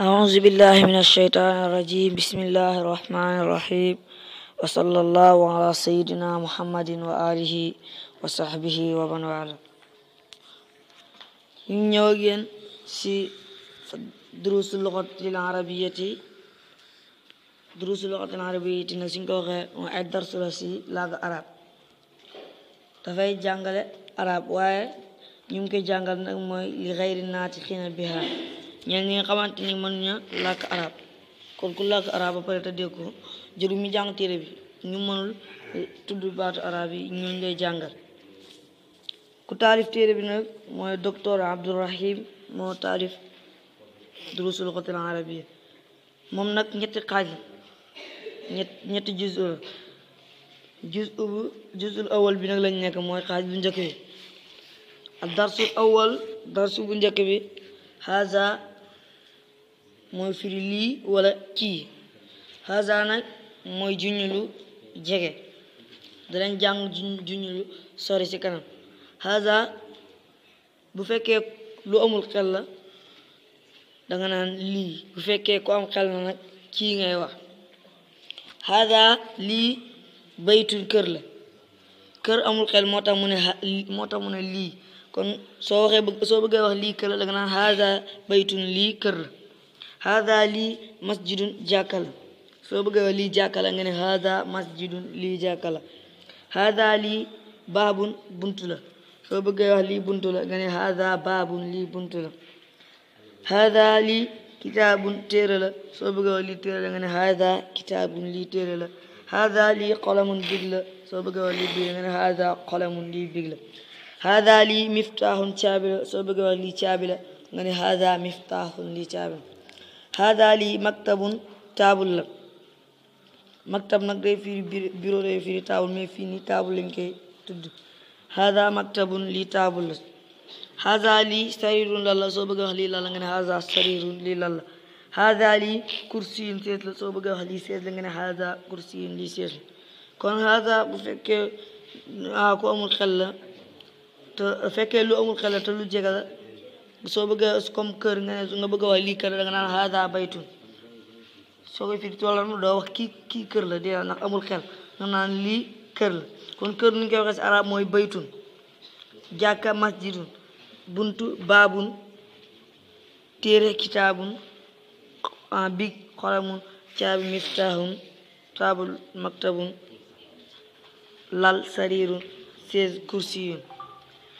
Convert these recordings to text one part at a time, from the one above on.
أعوذ بالله من الشيطان الرجيم بسم الله الرحمن الرحيم وصلى الله على سيدنا محمد وآله وصحبه ومن والاه ñu ñëw ak yéen si durusu luxat lil arabiyati durusu luxat lil arabiyati nag suñ ko waxee mooy ay darsu la si laaga arab dafay jàngale arab waaye ñu ngi koy jàngal nag mooy li xayri naati xiina biha ñeneen ñi nga xamante ni mën ña làkk arab kon ku làkk arab ba pare te dégg ko jëru jàng téere bi ñu mënul eh, tudd baatu arab yi ñooñ lay jàngal ku taalif téere bi nag mooy docteur Abdourahim moo taalif durusul xotil arabiya moom nag ñetti xaaj la ñett ñetti juz juz bu juzul awal bi nag lañ nekk mooy xaaj bu njëkk bi ak darsul awal darsu bu njëkk bi haza mooy firi lii wala cii haza nag mooy juñu jege danañ jàng juñu lu sori ci kanam haza bu fekkee lu amul xel la danga naan lii bu fekkee ku am xel na nag kii ngay wax haza lii baytul kër la kër amul xel moo tax mu ne lii kon soo waxee soo bëggee wax lii kër la danga naan haza baytun lii kër la hada lii masjidun jàkka la soo bëgg a lii jàkka la nga ne hada masjidun lii jàkka la hada lii baabun buntu la soo bëgg a wax lii buntu la nga ne hada baabun lii buntu la hada lii kitaabun téere la soo bëgg a wax lii téere la nga ne hada kitaabun lii téere la hada lii qalamun big la soo bëgg a wax lii big la nga ne hada qalamun lii big la hada lii miftaahun caabi la soo bëgg a wax lii caabi la nga ne hada miftaahun lii caabi la hada lii maktabun taabul la maktab nag day firi bureau day firi taabul mais fii nii taabul lañ koy tudd hada maktabun lii taabul la hada lii sarirun lalla soo bëgg a wax lii lalla nga ne hada sarirun lii lalla hada lii kursiyun sees la soo bëgg a wax lii sees la nga ne hada kursiyun lii sees la kon hada bu ah, amul xel fekkee lu amul xel la te soo bëgg a comme kër nga ne nga bëgg a wax lii kër da nga naan haada baytun soo koy firi toolam doo wax kii kii kër la dee ndax amul xel nga naan lii kër la kon kër nu ñu koy waxee si arab mooy baytun jàkka masjidun buntu baabun téere kitaabun ah, big xolamun caabi miftahun taabul maktabun lal sariirun sees kursiyun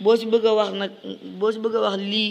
boo si bëgg wax nag boo si bëgg wax lii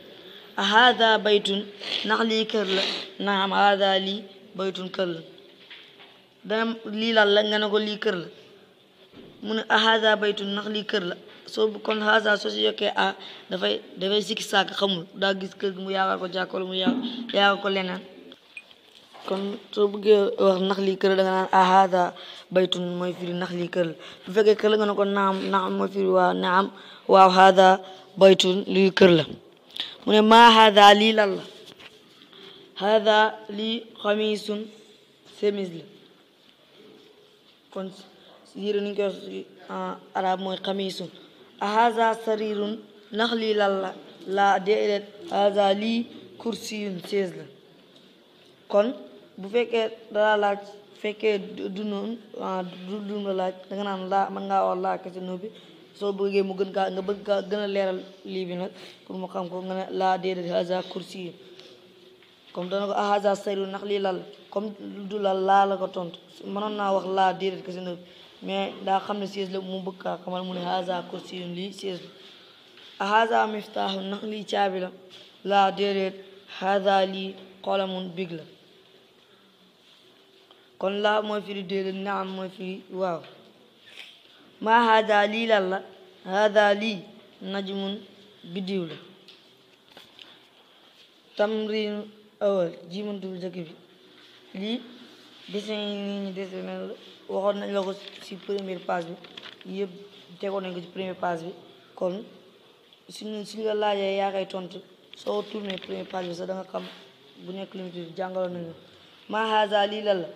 hada baytu ndax lii kër la naam hada lii baytun kër la dana lii lal la nga ne ko lii kër la mu ne hada baytun ndax kër la soo kon hada soo si yokkee a dafay dafay sikki sàkk xamul daa gis kër gi mu yaakaar ko jàkk mu yaakaar ko leneen kon soo bëggee wax ndax lii kër da nga naan a hada baytun mooy lii kër la bu fekkee kër la nga ne naam naam mooy firi waaw naam waaw hada baytun lii kër mu ne maa hada lii lan la hada lii xamisun semis la kon yére nuñ koy ah, arab mooy xamisun a hada sarirun ndax lii lan la laa déedéet hada lii kursiyun sees la kon bu fekkee dara laaj fekkee du noonu ah, la laaj danga naan laa man ngaa wax laa kese noo soo bëggee mu gën kaa nga bëgg kaa gën a leeral lii bi nag pour mu xam ko nga ne laa déedéet haza kursi comme dana ko ah, haza sayru ndax lii lal comme du lal laa la tontu mënoon naa wax laa déedéet kese nag mais daa xam ne siis la mu bëgg kaa xamal mu ne haza kursi lii siis la ah, haza miftaahu ndax lii caabi la laa déedéet haza lii qalamun big la kon laa mooy firi déedéet naam mooy firi waaw maa haada lii lan la haada lii najmun biddiw la tamrin awal jimun dul jëkk bi lii dessin yi nii ñu dessin waxoon nañ la ko ci première page bi yëpp tegoon nañ ko ci première page bi kon suñu suñ la laajee yaa koy tontu soo tourné première page bi sax da nga bu nekk limite bi jàngaloon nañu maa haada lii lan la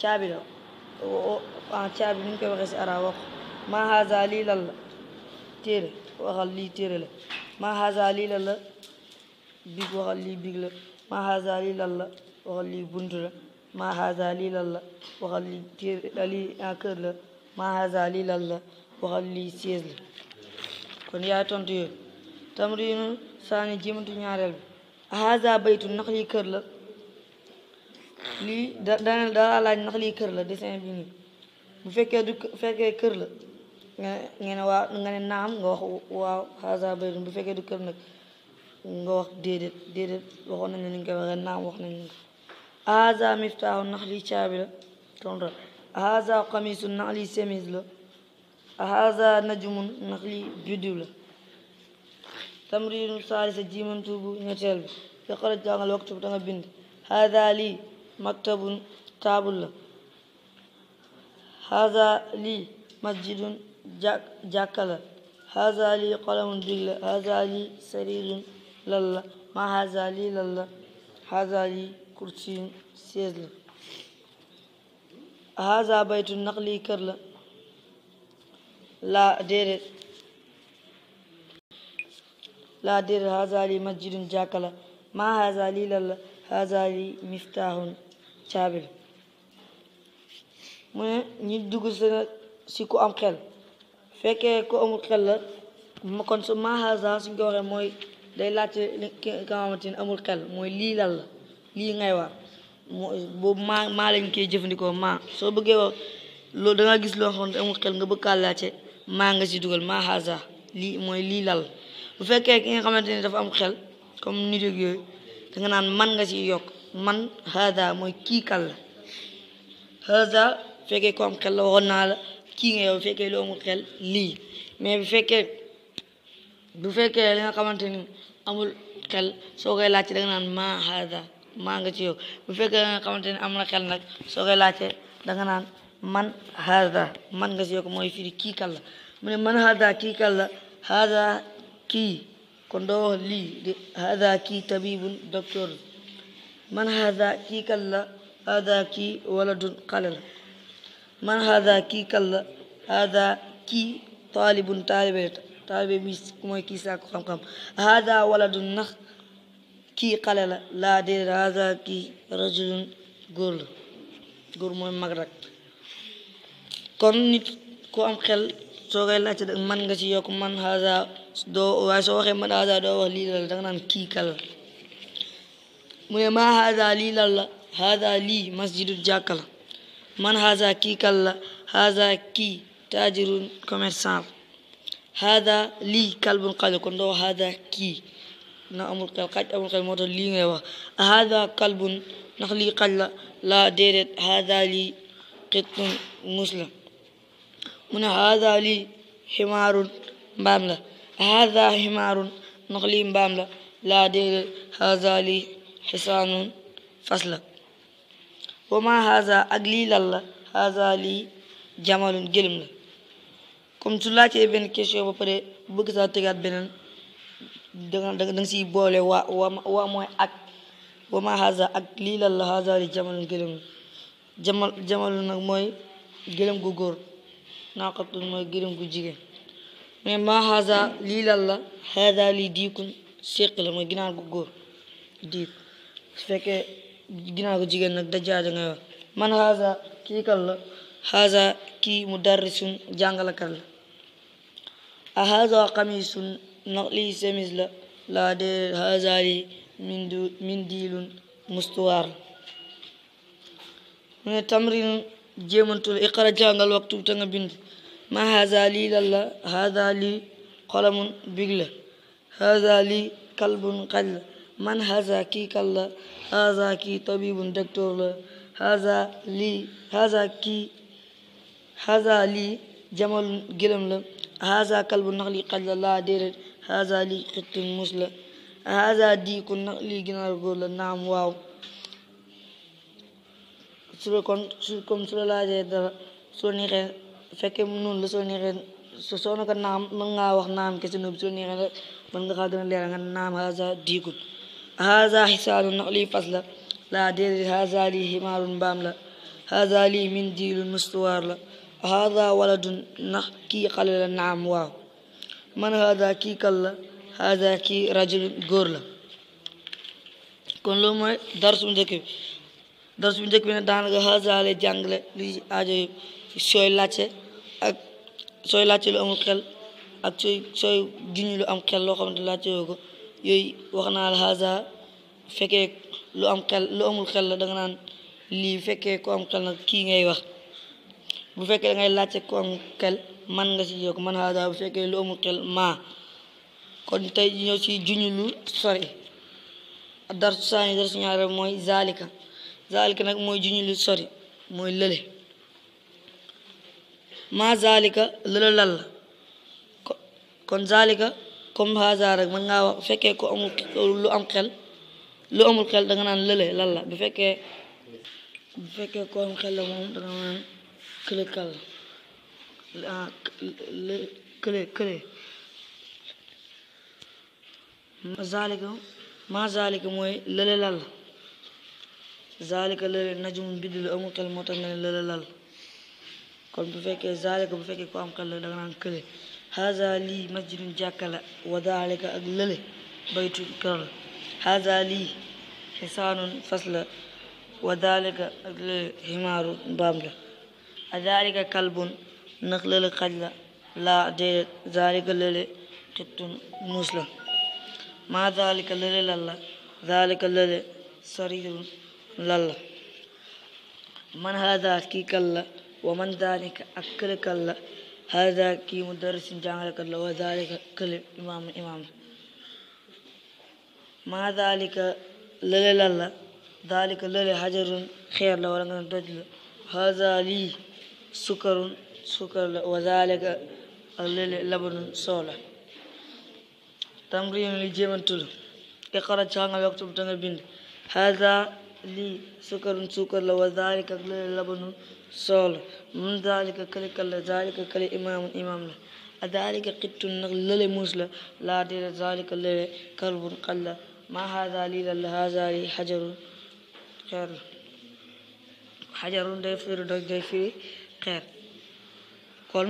caabi Ah, caabi ni ñu koy waxee si arab wax ma haza lii lan la téere waxal lii téere la ma haza lii lan la big waxal lii big la ma haza lii lan la waxal lii bunt la ma haza lii lan la waxal lii téere ah, lii ah, kër la ma haza lii lan la waxal lii siège kon yaay tontu yooyu tamrinu saani jimatu ñaareel bi haza baytu ndax lii kër la lii da dana laaj ndax lii kër la dessin bi nii bu fekkee du kër la nga waaw nga naam nga wax waaw xaasa baytun bu fekkee du kër nag nga wax déedéet déedéet waxoon nañ ni nga koy waxee naam wax nañ a xaasa miftaahu ndax lii caabi la tontal xaasa xamiisu ndax lii semis la xaasa najumun ndax lii biddiw la tamriinu saalisa jiimantu bu ñetteel bi fi jàngal waxtu bi da nga bind xaasa lii مكتب table هذا لي مسجد jàkka la هذا لي قلم bic la هذا لي سرير lal la ما هذا لي lal la هذا لي kursi chaise la هذا بيت naqli kër la laa déedéet laa déedéet هذا لي مسجد jàkka la la هذا لي مفتاح caabi bi mu ne ñi dugg sena si ku am xel fekkee ku amul xel la kon su mahaza suñ ko waxee mooy day laaj xamante ne amul xel mooy lii lal ngay wax boobu maa maa lañ koy jëfandikoo maa soo bëggee wax loolu danga gis loo xam ne amul xel nga bëgg kaa laajte maa nga si dugal maa lii mooy lii lal bu fekkee ki nga xamante ne dafa am xel comme nit yooyu danga naan man nga si yokk man hada mooy kii kan la hada fekkee ko waxoon naa la kii nga yow fekkee loo amul xel lii mais bu fekkee bu fekkee li nga xamante ni amul kell soo koy laajte da nga naan maa nga ci yow bu fekkee li nga xamante ni am xel nag soo koy laajte naan man hada man nga ci yow mooy firi kii kan mu ne man hada kii kan la kii kon doo wax lii kii tabibun docteur man hada kii kan la hada kii waladun xale man hada kii kan la hada kii taalibun taalibe taalibe bi mooy kii sàkku xam-xam hada waladun nax kii xale la laa déedéet hada kii rajulun góor la mooy mag rek kon nit ku am xel soo koy man nga ci yokk man hada doo waaye soo waxee man hada doo wax lii la danga naan kii kan mu ne maa haada lii lan la haada lii masjidu jàkka la man haada kii kan la kii taajirun commerçant haada lii kalbun xale kon doo kii na amul xel xaj moo tax lii ngay wax a haada kalbun lii xaj laa déedéet haada lii xittun muus mu ne haada lii ximaarun mbaam la haada ximaarun lii mbaam laa déedéet haada lii xisaanun fas la wa ma haza ak lii lan la haza lii jamalun gëlëm la comme su laajtee benn question ba pare bëgg saa tëgaat beneen danga danga siy boole waa waa waa mooy wa ma haza ak lii lan la lii jamalun gëlëm la jamal nag mooy gëlëm gu góor naaqatun mooy gëlëm gu jigéen mais ma haza lii lan la haza lii diikun séq la mooy ginaar gu góor su fekkee ginnaaw jigéen nag dajaaja nga man haza kii kan la kii mudarrisun jàngalakat la a haza xamisun lii semis laa dee haza lii min diilun mustuwaar mu ne tamrin jéemantul iqra jàngal waxtu ta nga bind ma lii lan la haza lii qalamun big la lii kalbun xaj man haza kii kan la haza kii tabibun docteur la haza lii haza kii haza lii jamalun gëlëm la haza kalbu nax li xaj la laa déedéet haza lii xittin mus la haza diiku nax lii ginaar góor la naam waaw su la kon su comme su la laajee dara soo neexee fekkee noonu la soo neexee soo na ko naam mën ngaa wax naam kese noonu soo neexee mën nga xaa gën a leeral nga naam haza diikut هذا حصان نقلي فصل لا دير هذا لي حمار بام لا هذا لي منديل مستوار لا هذا ولد نح كي قلل نعم واو man hada kii kal la hada kii rajul góor la kon loolu mooy darsu bu njëkk bi darsu bu njëkk bi ne daanaka hada lay jàngale luy aajo sooy laajte ak sooy laajte lu amul xel ak sooy sooy giñu am xel loo xamante laajte yoo yooyu wax naa la haza fekkee lu am xel lu amul xel la da naan lii fekkee ku am xel nag kii ngay wax bu fekkee da ngay laajte ku am xel man nga ci yokk man haza bu fekkee lu amul xel maa kon tey ñëw ci juñu sori darsu saani darsu mooy zalika zalika nag mooy juñu lu mooy lële maa lal la kon zalika comme haza rek mën ngaa wax fekkee ko amul lu am xel lu amul xel danga naan lële lan la bu fekkee bu fekkee ko am xel la moom danga naan kële kal ah, kële kële zalika ma zalika mooy lële lan la zalika lële najum biddi lu amul xel moo tax nga lële lan kon bu fekkee zalika bu fekkee ko am xel la danga naan kële haza lii masjidun jàkka la wa daalika ak lële baytun kër la haza lii xisaanun fas la wa daalika ak lële ximaaru mbaam la a daalika kalbun nax lële xaj la laa déedéet daalika lële xittun muus la maa daalika lële lan la daalika lële sariirun lan la man haza kii kan la wa man daalika ak kële kan la هذا كي مدرس جعلك الله وذلك كلب إمام إمام ما ذلك للا للا ذلك للا حجر خير لو رنغن دجل هذا لي سكر سكر وذلك للا لبن صولة تمرين لجيمن تلو اقرأ جعلك وقت بتنبين هذا lii sukarun sukar la wa zalika kële labanu soow la mun zalika kële kal la zalika kële imaamun imaam la a zalika xittun nag lële la laa déedéet zalika lële kalbun xal la ma haada la la haada lii xajarun xeer la xajarun day firi doj day firi xeer kon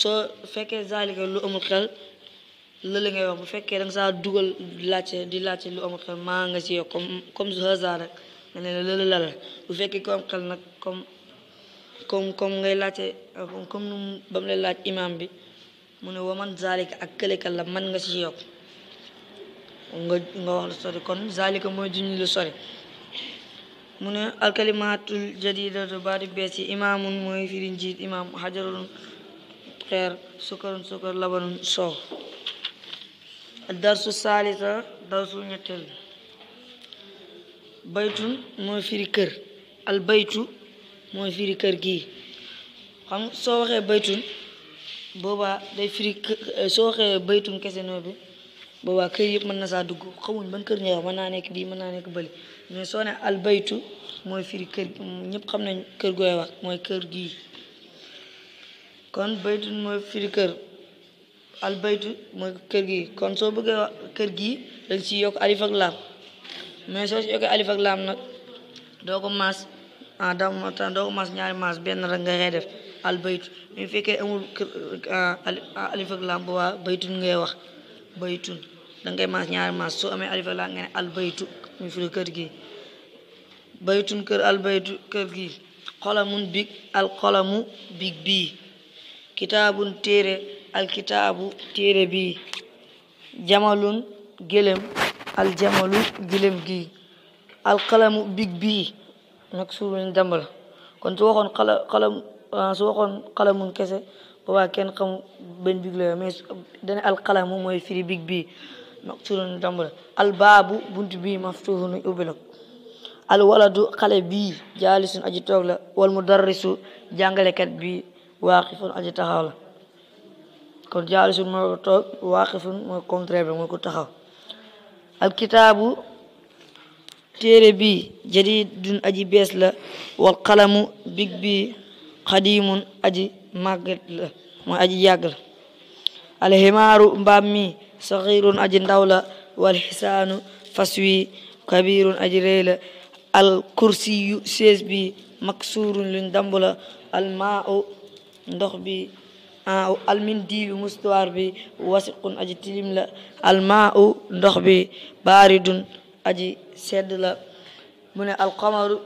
soo fekkee zalika lu amul xel loolu ngay wax bu fekkee da nga saa dugal laajte di laaj lu amul xel maa nga si yow comme comme hasard comme ngay laaj imaam bi mu ne ak këleka man nga si yow wax lu sori kon zalika mooy junñi lu sori mu ne alkalimatul jadidatu baati bees yi imaamun mooy firi njiit imaam xajarul xeer sukkarun sukkar labanun soow darsu saalisa darsu ñetteel baytun mooy firi kër al baytu mooy firi kër gii xam soo waxee baytun boobaa day firi soo waxee baytun kese noonu bi boobaa kër yëpp mën na saa dugg xamuñ ban kër ñëw mën naa nekk bii mën naa nekk bële mais soo ne al baytu mooy firi kër ñëpp xam nañ kër gooy wax mooy kër gii kon baytun mooy firi kër albaytu mooy kër gi kon soo bëggee kër gi dañ ci yokk alif ak mais soo ci yokkee alif ak laam nag doo ko maas ah doo ko maas ñaari maas benn rek nga ngay def albaytu mais fekkee amul ah, ah, alif ak laam bu waa soo amee alif ak laam nga ne muy firi kër gi baytun kër albaytu kër gi xolamun big alxolamu big bii kitaabun téere alkitaabu téere bi jamalun gëlëm aljamalu gëlëm gi alqalamu big bi nag suur lañ dàmb la kon su waxoon xala ah, kese boobaa kenn xamu benn big la mais dana alqalamu mooy firi big bi nag suur lañ dàmb la bunt bi maftuhu nañ ubbi la alwaladu xale bii jaalisun aji toog la wal mudarrisu jàngalekat bi waaqifun aji taxaw la kon jaalisun mooy ko toog waaqifun bi mooy ko taxaw al kitaabu téere bi jadidun aji bees la big bi xadimun aji màgget la mooy aji yàgg la al himaaru mbaam mi saxirun aji ndaw la wal xisaanu fas wi kabirun aji rëy la Ah, almindi yu mustuwaar bi wasiqun aji tilim la u ndox bi baaridun aj sedd la mu ne alqamaru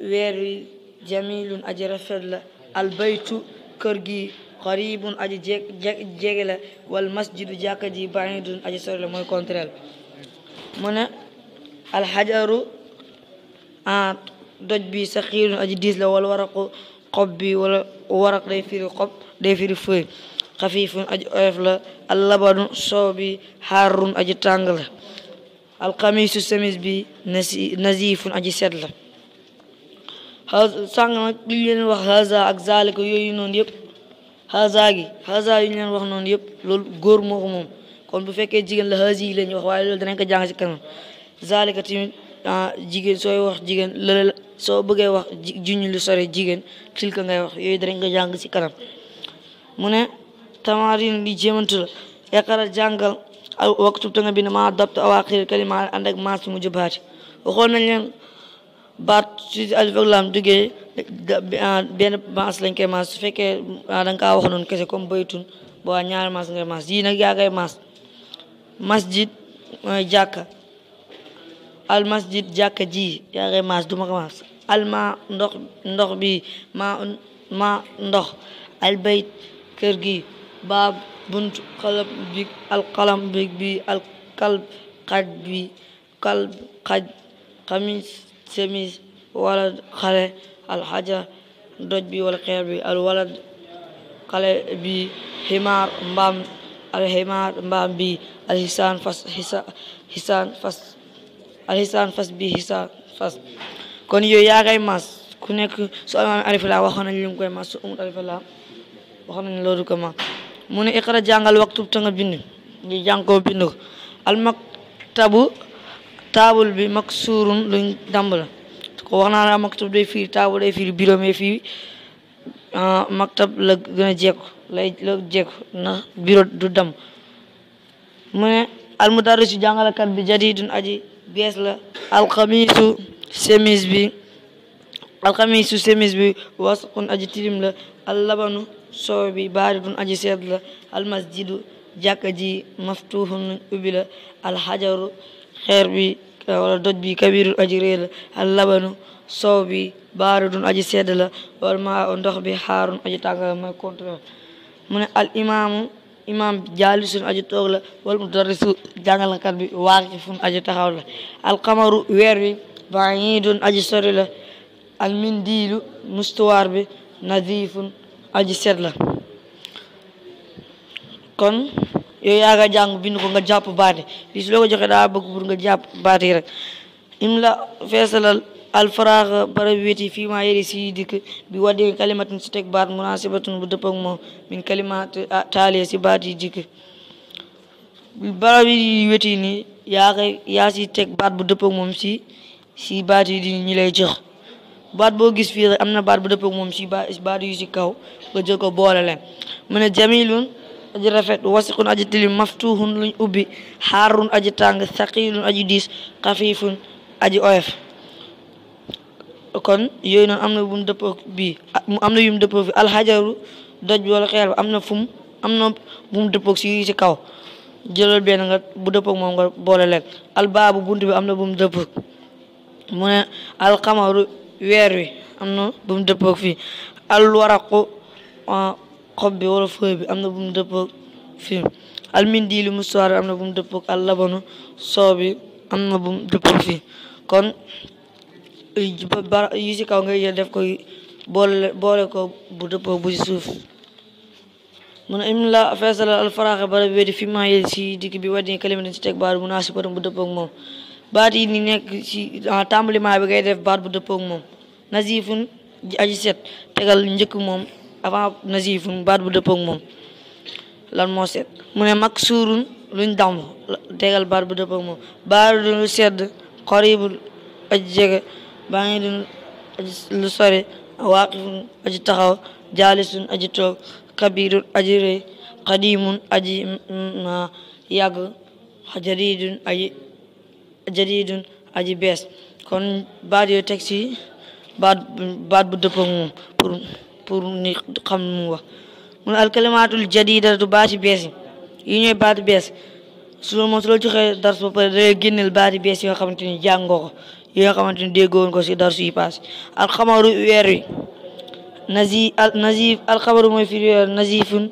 weer wi jamilun rafet la albaytu kër gi xaribun aji jege la wal masjidu jàkka ji baidun aji sori la mooy contraire mu ne alxajaru ah, doj bi saxiirun aji diis la wal waraqu xob bi wala waraq day firi xob day firi fëy xafiifun aji oyof la allabanu soow bi xaarun aji tàng la alxamiisu semis bi naziifun aji set la sàng nag li leen wax haza ak zalika yooyu noonu yëpp haza gi haza yi leen wax noonu yëpp lool góor moo moom kon bu fekkee jigéen la hazi yi lañuy wax waaye loolu danañ ko jàng ci kanam zalika tamit ah, jigéen sooy wax jigéen lële soo bëggee wax juñ lu jigéen tilka ngay wax yooyu danañ ko jàng ci kanam mu ne tamarin li jéemantu la yaqara jàngal waktub ta nga bind ma dabt awaaxir kalima ànd ak maas mujj baati waxoon nañ leen baat si alif ak laam ah, benn maas lañ koy maas su fekkee ah, danga kaa wax noonu kese comme baytu boo ñaar maas ngay maas yii nag yaa ngay maas masjid mooy jàkka al masjid jàkka ji yaa maas duma ko maas alma ndox ndox bi ma ndox al bayt kër gi baab bunt xalab bi alxalam bi bi alkalb xaj bi kalb xaj xamis semis walad xale alxaja doj bi wala xeer bi alwalad xale bi ximaar mbaam alximaar mbaam bi alxisaan xisaan fas xisaan fas kon yooyu yaa mas ku nekk su amee alif laa waxoon nañ koy mas su amul wax nañ loolu ko ma mu ne iqra jàngal waxtu ta nga bind ngi jàng ko bind ko almaktabu taabul bi maksuurun luñ dàmb la ko wax naa la maktub day firi taabul day firi bureau mais fii ah, maktab la a jekku la jekku na bureau du dam mu ne almudarrisu jàngalekat bi jadidun aji bees la alxamisu semis bi alxamisu semis bi wasqun aji tilim la allabanu soow bi baaridun aji sedd la almasjidu jàkka ji maftuhun ubbi la alxajaru xeer bi wala doj bi kabirun aji rëy la allabanu soow bi baaridun aji sedd la wal maa o ndox bi xaarun aji tànga mooy contrôle mu ne al imaamu imaam bi jaalisun aji toog la wal mudarrisu jàngalkat bi waaqifun aji taxaw la alqamaru weer bi baidun aji sori la almindiilu mustuwaar bi nadiifun aj set la kon yow yaa nga jàng bind ko nga jàpp baati lii su loo ko joxee daa bëgg pour nga jàpp baati rek im la feesalal alfaraax barab wéeti fii maa yëri si dikk bi waddee kalimatin si teg baat munasibatun bu dëpp moom min kalimat taalee si baat yi dikk bi barab yi wéeti nii yaa yaa si teg baat bu dëpp moom si si baat di ñi jox baat boo gis fii rek am na baat bu dëppoo moom si baat yu si kaw nga jël ko boole leen mu ne jamilun aji rafet wasiqun aji tilim maftuhun luñ ubbi xaarun aji tàng saqilun aji diis xafifun aji oyof kon yooyu noonu am na bu mu dëppoo bii am na yu mu dëppoo fi alxajaru doj wala xeer am na fu am na bu mu dëppoo si si kaw jëlal benn nga bu dëppoo moom nga boole leen albaabu bunt bi am na bu mu dëppoo mu ne weer wi am na bu mu dëppoog fii alwaraqu xob bi wala fooy bi am na bu mu dëppoog fii almindiilu mustuwaar bi am na bu dëppook dëppoog al labanu soow bi am na bu mu dëppoog fii kon yi ci kaw nga jël def ko boole boole ko bu dëppoog bu ci suuf mun a im la feesal alfaraaxe bara bi wédi fi maa yel ci digg bi waddi kalimatin ci teg baar bu naasi ko bu dëppoog moom baat yi ni nekk ci ah, tàmbaliment bi ngay def baat bu dëppoo moom nazifun aji set tegal njëkk moom avant nazifun baat bu dëppoo moom lan moo set mu ne maksurun luñ damm tegal baat bu dëppoo ak moom baridun lu sedd qaribun aji jege baidun aji lu sore waaqifun aji taxaw jaalisun aji toog kabirun aji rëy qadimun aji mm, mm, ah, yàgg jaridun aji jadidun aji bees kon baat yooyu teg si baat bu dëppoo moom pour pour ni xam mu wax mun alkalimaatul jadidatu baati bees yi ñooy baati bees su loolu moom su loolu joxee dars ba pare day génneel baati bees yi nga xamante ni jàngoo ko yi nga xamante ni déggoon ko si dars yi paas alxamaru weer wi nazi al nazif mooy firi weer nazifun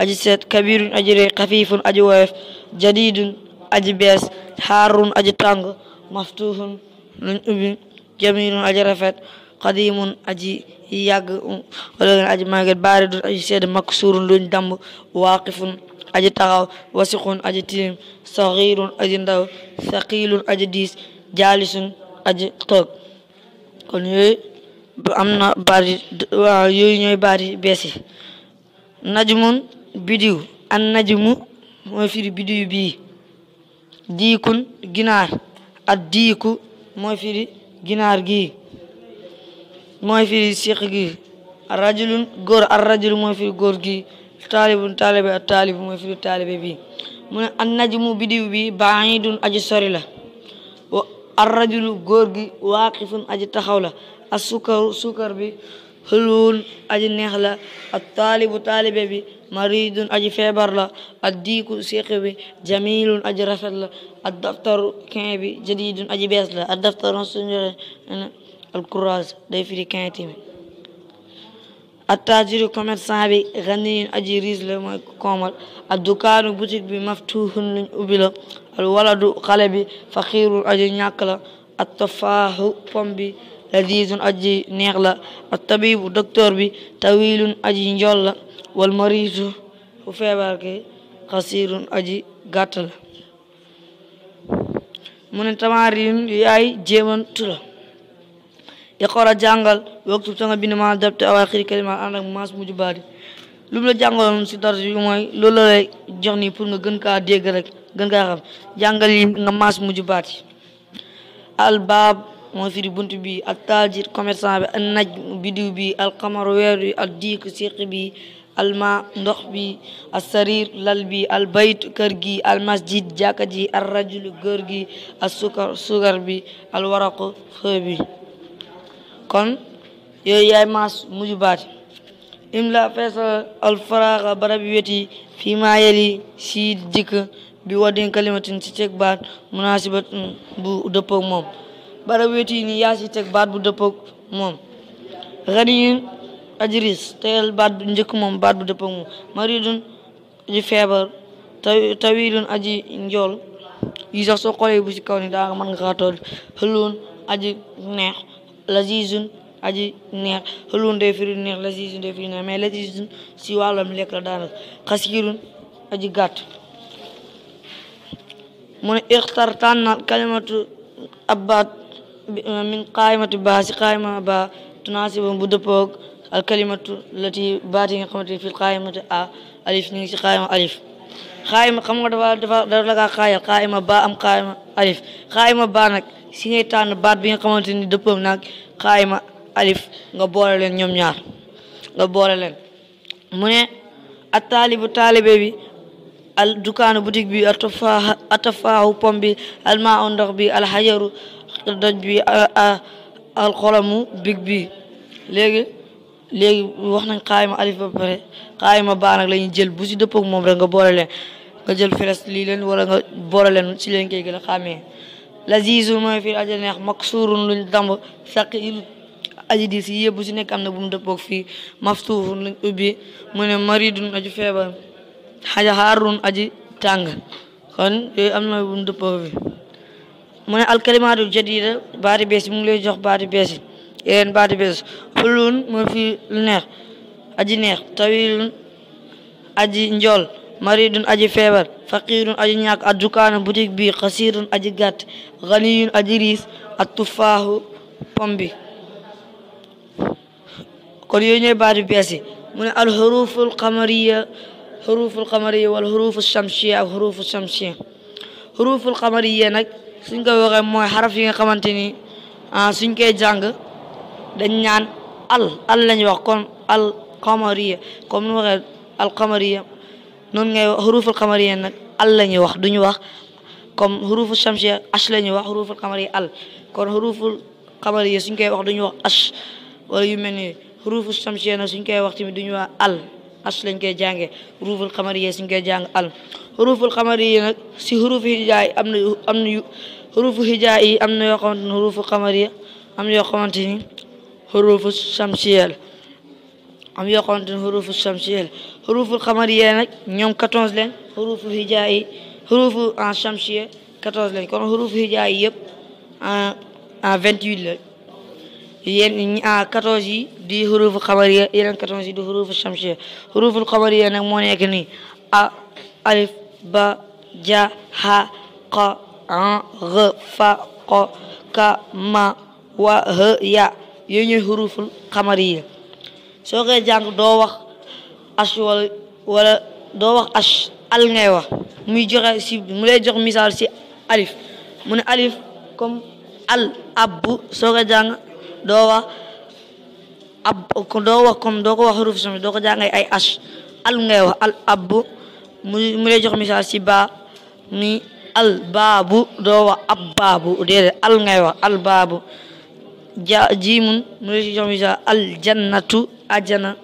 aji set kabirun aji rëy xafifun aji woyof jadidun aji bees xaarun aji tàng maftuhun lañ ubbi jamilun aji rafet qadimun aji yàgg wala aji màgget baaridun aji sedd maksurun luñ damb waaqifun aji taxaw wasiqun aji tilim saxirun aji ndaw saqilun aji diis jaalisun aji toog kon yooyu am na baat yooyu ñooy bidiw an najmu mooy firi bidiw bii diikun ginaar ak diiku mooy firi ginaar gi mooy firi siq gi ar rajulun góor ar mooy firi góor gi taalibun taalibe ak taalibu mooy firi taalibe bi mu ne an najmu bidiw bi baidun aji sori la ar rajulu góor gi waaqifun aji taxaw la sukaru sukar bi xulwun aji neex la ak taalibu taalibe bi maridun aji feebar la ak diiku siqi bi jamilun aji rafet la ak daftaru kin aj jadidun aji bees la ak daftaru sunjore al kuraas day firi kin timi ak taajiru commerçant bi ganiyun aji riis la mooy koomal ak dukaanu boutique bi maftuhun luñ ubbi la al waladu xale bi faqiirun aji ñàkk la ak tofaahu bi ladiizun aji neex la attabibu docteur bi tawilun aj njool la wal mariidu ku feebar ki xasirun aji gàtt mu ne tamarin yaay jéemantu la iqra jàngal waxtu ta nga bind ma dabte awaaxiri kalima ànd maas mujj baadi lu la jàngaloon si dars bi mooy jox nii pour nga gën kaa dégg rek gën kaa xam jàngal yi nga maas mujj baati albaab moo firi bunt bi ak taajir commerçant bi ak naj bidiw bi alxamar weer bi ak diik siq bi alma ndox bi asariir lal bi albayt kër gi almasjid jàkka ji arrajul góor gi asukar sugar bi alwaraqu xëy bi kon yooyu yaay maas mujj baat imla feesal alfaraaxa barab weti fii maa yeli si dikk bi waddin kalimatin si ceeg baat munaasibatun bu dëppoog moom barab wetu yi nii yaa ci teg baat bu dëppoog moom ganiyun ajris teyel baat njëkk moom baat bu dëppoog moom maridun aji feebar tawilun aji njool yi sax soo xoolee bu si kaw ni daa mën nga xaatool xëloon aji neex lazizun aji neex xëloon day firi neex lazizun day firi neex mais lazizun si wàllam lekk la daanaka xasirun aji gàtt mu ne ixtar tànnal kalimatu abbaat min qaimatu ba si qaima ba tunasibu bu dëppoog alkalimatu lati baati nga xamante fi qaimatu a alif ñu ngi si qaima alif xaayima xam nga dafa dafa dafa la kaa xaayal xaayima ba am xaayima alif xaayima ba nag si ngay tànn baat bi nga xamante ni dëppoo nag xaayima alif nga boole leen ñoom ñaar nga boole leen mu ne a taalibu taalibe bi al dukaanu boutique bi a tafaahu pom bi al maa ndox bi al hajaru doj bi alxolamu big bi léegi léegi wax nañ xaayima alif ba pare xaayima baa nag la ñuy jël bu si dëppoog moom rek nga boole leen nga jël feres lii leen wala nga boole leen si leen koy gën a xàmmee lazizu mooy fii aja neex maksurun luñ damb saq ilu aji di si yëpp bu si nekk am na bu mu dëppoog fii maftuufun luñ ubbi mu ne maridun aju feebar xaja xaarun aji tàng kon yooyu am na bu dëppoog fii mu ne alkalimaatu jadida bees yi mu ngi lay jox baati bees yi yeneen baati bees xulun mu fi neex aji neex tawilun aji njool maridun aji feebar faqirun aji ñàkk addukaana boutique bi xasirun aji gàtt ganiyun aji riis ak tufaahu pom bi kon yooyu ñooy baati bees yi mu ne al xuruful qamariya xuruful qamariya wala xuruful shamsiya ak xuruful shamsiya qamariya nag suñ ko waxee mooy xaraf yi nga xamante ni ah, suñ koy jàng dañ ñaan al al lañuy wax kon al qamariya comme nu waxee al qamariya noonu ngay xuruful qamariya nag al la ñuy wax duñu wax comme xuruful shamsiya ash la ñuy wax xuruful qamariya al kon xuruful qamariya suñ koy wax duñu wax ash wala yu mel ni xuruful shamsiya nag suñ koy wax tamit duñu wax al as lañ koy jàngee xuruuful xamariya suñ koy jàng al xuruuful xamariya si xuruufu hijaa am na am na yu am na yoo xamante am na yoo xamante ni xuruufu am yoo xamante ni xuruufu nag ñoom 14 leen xuruufu hijaa yi xuruufu en samsiya 14 leen kon xuruufu hijaa yi yëpp en en 28 la Ah, yéen quatorze di xurufu xamariya yeneen quatorze di xurufu chamsiya xuruful xamariya nag moo nekk a alif ba ja ha qa an gha ka ma wa ha ya yooyu ñooy xuruful xamariya soo koy jàng doo wax ash wala doo wax ash al ngay mu lay jox misaal si alif mu alif comme al abbu soo koy jàng doo wax ab doo wax comme doo ko wax xuruf doo ko jàngay ay ash al ngay wax al ab mu mu lay jox misaal si baa ni al baabu doo wax ab baabu déedéet al ngay wax al baabu ja jiimun mu lay jox misaal al jannatu ajana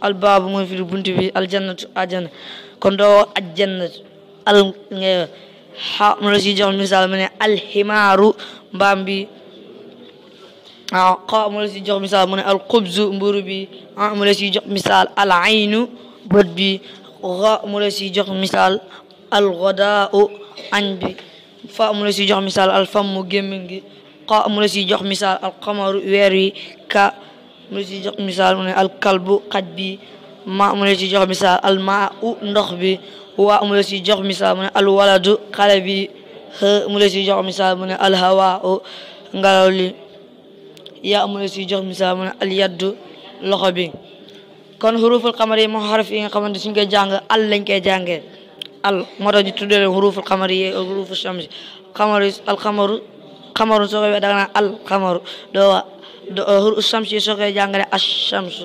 al baabu mooy firi buntu bi al jannatu ajana kon doo al jannatu al ngay wax mu lay jox misaal mu ne al ximaaru mbaam qa ah, mu la si jox misaal mu ne al xubzu mburu bi a ah, mu la si jox misaal al aynu bët bi xa mu la si jox misaal al gadaau añ bi fa mu la si jox misaal al famu gémmiñ gi qa mu la si jox misaal al qamaru weer wi ka mu la si jox misaal mu al kalbu xaj bi ma mu la si jox misaal al maa u ndox bi wa mu la si jox misaal mu ne al waladu xale bi mu la si jox misaal mu ne al hawaa ngelaw li yaa amul si jox misaal mu ne al yaddu loxo bi kon xuruful xamar yi moo xaraf yi nga xamante suñ koy jàng leen xuruful xamar yi xurufu shams xamaru al xamaru xamaru soo koy da nga naan al xamaru doo waa uh, xurufu shams yi soo koy jàngale as shams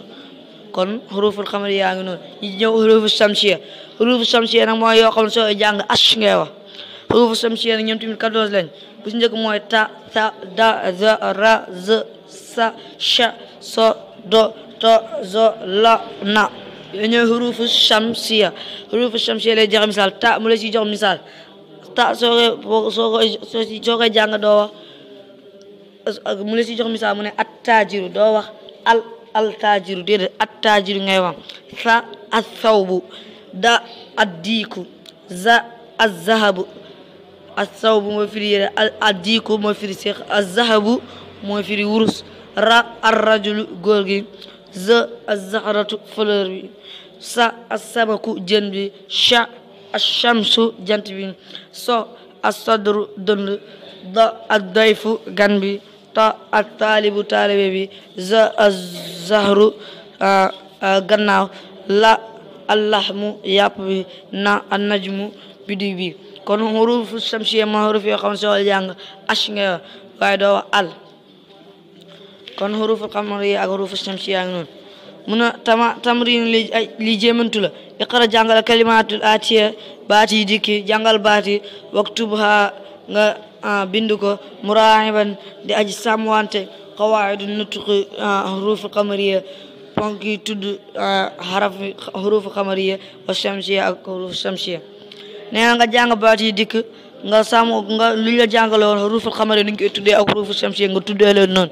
kon xuruful xamar yaa ngi noonu ñu ñëw xurufu shams mooy yoo xam soo koy jàng as ngay wax xurufu shams yi nag ñoom tamit bu si njëkk mooy ta ta da ra sa sha so do to zo la na yooyu hurufu shamsiya hurufu shamsiya lay joxe misaal ta mu la ci jox misaal ta soo ko soo koy jàng doo wax mu la ci jox misaal mu ne at taajiru doo wax al al taajiru déedéet at taajiru ngay wax da addiiku za az zahabu as sawbu mooy firi yére addiiku firi seex az mooy firi wurus ra ar rajulu góor gi za azzahratu fleur bi sa asamaku jën bi sha ashamsu jant bi so asadru dënd da addayfu gan bi ta ak taalibu taalibe bi za azzahru gannaaw la allahmu yàpp bi na annajmu bidiw bi kon xurufu shamsiya ma xuruf yoo xam ne soo jàng ash nga doo al kon xuruful xamariya ak xuruful shamsiya ak noonu mun a tama tamrin li jéemantu la iqra jàngal kalimatul atiya baat yi dikki jàngal baat nga bind ko muraahiban di aji sàmmwante qawaidu nutqi xuruful xamariya ponk yi tudd xaraf xuruful xamariya wa shamsiya ak xuruful shamsiya nee nga jàng baat yi dikk nga sàmm nga lu la jàngaloon xuruful xamariya ni ñu koy tuddee ak xuruful shamsiya nga tuddee leen noonu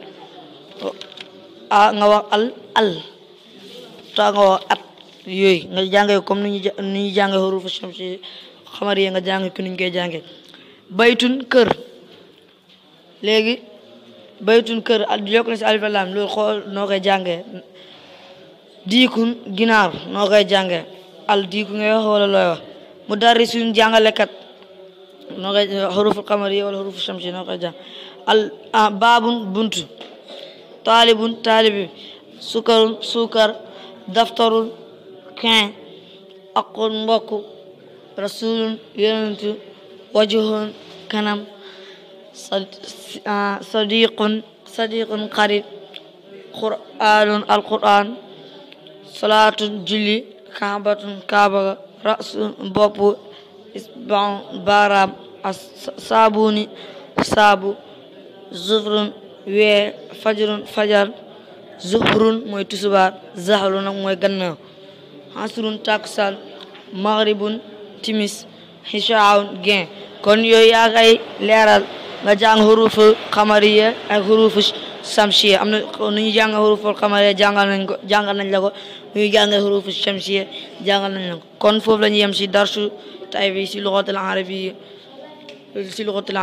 a nga wax al al ta nga wax at yooyu nga jàngee comme ni ñu ni ñu jàngee xurufu shamsi xamar yi nga jànge ko ni ñu koy jànge baytun kër léegi baytun kër yokk na si alif laam loolu xool noo koy jànge diikun ginaar noo koy jànge al diiku ngay wax wala looy wax mu darri suñ jàngalekat noo koy xurufu xamar yi wala xurufu jàng al baabun buntu taalibun taalibi sukarun sukar daftarun kin aqun mbokk rasulun yonentu wajhun kanam ah, sadiqun sadiqun xarit qur'anun alqur'an salaatun julli kaabatun kaabaga rasun bopp isbaun baaraam saabuni saabu zufrun weer fajarun fajar zuhrun mooy tusubaar zahalu nag mooy gannaaw asrun takusaan maghribun timis xishaaun gen kon yooyu yaa ngay leeral nga jàng xurufu xamariya ak xurufu samsiya am na nu ñu jàng xurufu xamariya jàngal nañ ko nañ la ko nu ñu jàng nañ kon foofu la ñu yem si darsu tay bi si luxatul arabi si luxatul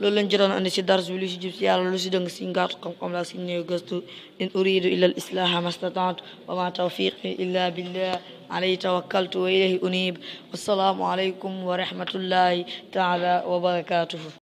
loolu lañ jotoon andi ci dars bi lu ci jub ci yàlla lu ci dëng ci ngaatu xam-xam la ci néew gëstu in uridu illa al islaha mastata'tu wa ma tawfiqi illa billah alayhi tawakkaltu wa ilayhi unib wassalaamu alaykum wa rahmatullahi taala wa barakatuhu